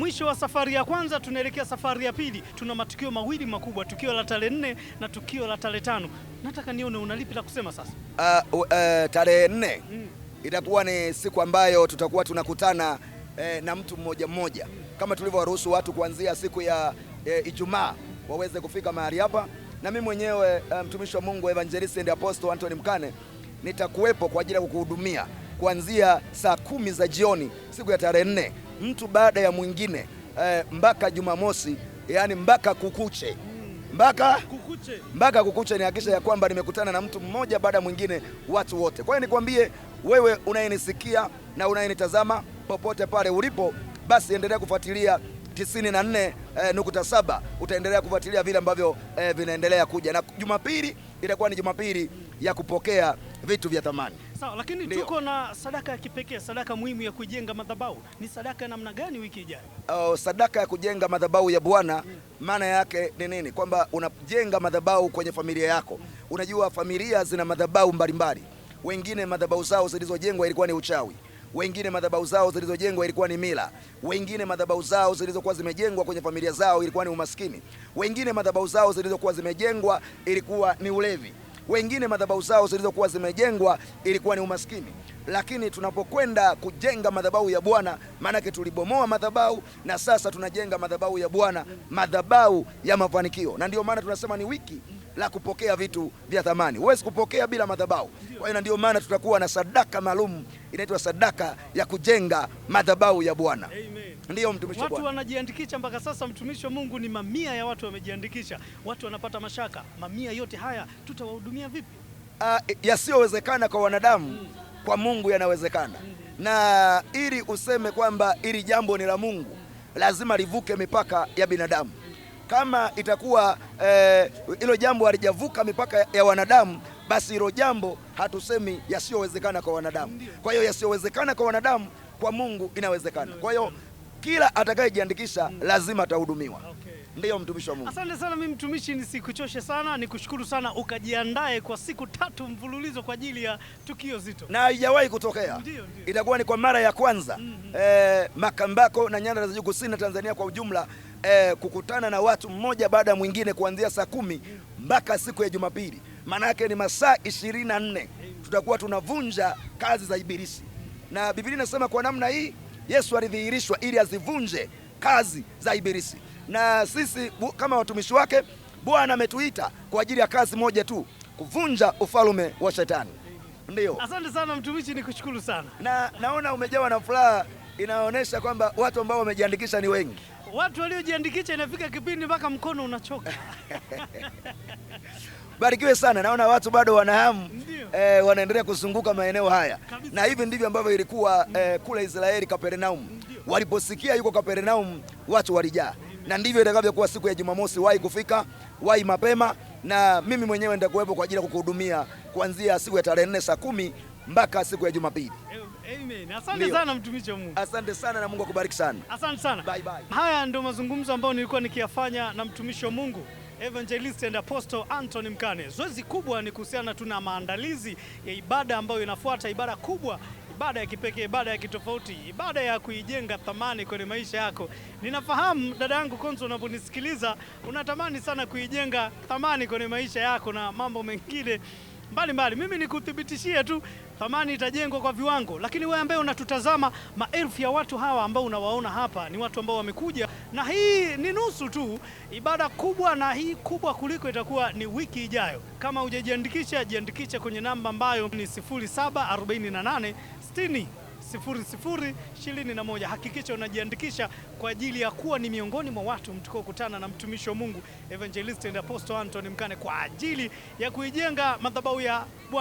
mwisho wa safari ya kwanza tunaelekea safari ya pili. Tuna matukio mawili makubwa, tukio la tarehe nne na tukio la tarehe tano. Nataka nione unalipi la kusema sasa. Uh, uh, tarehe nne mm. itakuwa ni siku ambayo tutakuwa tunakutana eh, na mtu mmoja mmoja kama tulivyowaruhusu watu kuanzia siku ya eh, Ijumaa waweze kufika mahali hapa, na mimi mwenyewe eh, mtumishi um, wa Mungu evangelist and apostle Anthony Mkane nitakuwepo kwa ajili ya kukuhudumia kuanzia saa kumi za jioni siku ya tarehe nne mtu baada ya mwingine eh, mpaka Jumamosi, yani mpaka kukuche mpaka kukuche, mpaka kukuche nihakisha ya kwamba nimekutana na mtu mmoja baada ya mwingine, watu wote. Kwa hiyo nikwambie wewe unayenisikia na unayenitazama popote pale ulipo, basi endelea kufuatilia 94 eh, nukuta saba. Utaendelea kufuatilia vile ambavyo eh, vinaendelea kuja, na Jumapili itakuwa ni Jumapili ya kupokea vitu vya thamani. Sawa, lakini Ndiyo. tuko na sadaka ya kipekee, sadaka muhimu ya kujenga madhabahu. Ni sadaka ya namna gani wiki ijayo? Oh, sadaka ya kujenga madhabahu ya Bwana hmm. maana hmm, yake ni nini? Kwamba unajenga madhabahu kwenye familia yako hmm. Unajua familia zina madhabahu mbalimbali. Wengine madhabahu zao zilizojengwa ilikuwa ni uchawi wengine madhabahu zao zilizojengwa ilikuwa ni mila, wengine madhabahu zao zilizokuwa zimejengwa kwenye familia zao ilikuwa ni umaskini, wengine madhabahu zao zilizokuwa zimejengwa ilikuwa ni ulevi. Wengine madhabahu zao zilizokuwa zimejengwa ilikuwa ni umaskini, lakini tunapokwenda kujenga madhabahu ya Bwana, maanake tulibomoa madhabahu na sasa tunajenga madhabahu ya Bwana, madhabahu ya mafanikio. Na ndio maana tunasema ni wiki la kupokea vitu vya thamani. Huwezi kupokea bila madhabahu. Kwa hiyo, na ndio maana tutakuwa na sadaka maalum, inaitwa sadaka ya kujenga madhabahu ya Bwana. Ndiyo mtumishi wa Bwana. Watu wanajiandikisha mpaka sasa, mtumishi wa Mungu, ni mamia ya watu wamejiandikisha. Watu wanapata mashaka, mamia yote haya tutawahudumia vipi? Uh, yasiyowezekana kwa wanadamu mm. kwa Mungu yanawezekana mm. na ili useme kwamba ili jambo ni la Mungu mm. lazima livuke mipaka ya binadamu kama itakuwa hilo eh, jambo halijavuka mipaka ya wanadamu, basi hilo jambo hatusemi yasiyowezekana kwa wanadamu. Kwa hiyo yasiyowezekana kwa wanadamu kwa Mungu inawezekana. Kwa hiyo kila atakayejiandikisha mm. lazima atahudumiwa. okay. Ndiyo mtumishi wa Mungu. Asante sana, mimi mtumishi nisikuchoshe sana, nikushukuru sana, ukajiandae kwa siku tatu mfululizo kwa ajili ya tukio zito na haijawahi kutokea. Ndiyo, ndiyo. Itakuwa ni kwa mara ya kwanza mm -hmm. eh, Makambako na nyanda za juu kusini na Tanzania kwa ujumla eh, kukutana na watu mmoja baada ya mwingine kuanzia saa kumi mpaka siku ya Jumapili, maana yake ni masaa ishirini na nne tutakuwa tunavunja kazi za Ibilisi, na Biblia inasema kwa namna hii Yesu alidhihirishwa ili azivunje kazi za Ibilisi, na sisi bu, kama watumishi wake Bwana ametuita kwa ajili ya kazi moja tu, kuvunja ufalme wa shetani. Ndio, Asante sana mtumishi, nikushukuru sana na naona umejawa na furaha, inaonyesha kwamba watu ambao wamejiandikisha ni wengi watu waliojiandikisha inafika kipindi mpaka mkono unachoka. Barikiwe sana, naona watu bado wana hamu eh, wanaendelea kuzunguka maeneo haya Kabisa. Na hivi ndivyo ambavyo ilikuwa eh, kule Israeli Kapernaum, waliposikia yuko Kapernaum watu walijaa, na ndivyo itakavyokuwa siku ya Jumamosi. Wahi kufika, wahi mapema, na mimi mwenyewe nitakuwepo kwa ajili ya kukuhudumia kuanzia siku ya tarehe nne saa kumi mpaka siku ya Jumapili. Eh, amen. Asante Leo sana mtumishi wa Mungu. Asante sana na Mungu akubariki sana. Asante sana. Bye bye. Haya ndio mazungumzo ambayo nilikuwa nikiyafanya na mtumishi wa Mungu Evangelist and Apostle Anthony Mkane. Zoezi kubwa ni kuhusiana tu na maandalizi ya ibada ambayo inafuata, ibada kubwa, ibada ya kipekee, ibada ya kitofauti, ibada ya kuijenga thamani kwenye maisha yako. Ninafahamu dada yangu Konzo, unaponisikiliza unatamani sana kuijenga thamani kwenye maisha yako na mambo mengine mbalimbali. Mimi nikuthibitishie tu thamani itajengwa kwa viwango, lakini wewe ambaye unatutazama, maelfu ya watu hawa ambao unawaona hapa ni watu ambao wamekuja, na hii ni nusu tu ibada kubwa, na hii kubwa kuliko itakuwa ni wiki ijayo. Kama hujajiandikisha, jiandikisha kwenye namba ambayo ni 0748 60 00 na moja. Hakikisha unajiandikisha kwa ajili ya kuwa ni miongoni mwa watu mtakaokutana na mtumishi wa Mungu Evangelist and Apostle Anthony Mkane kwa ajili ya kuijenga madhabahu ya Bwana.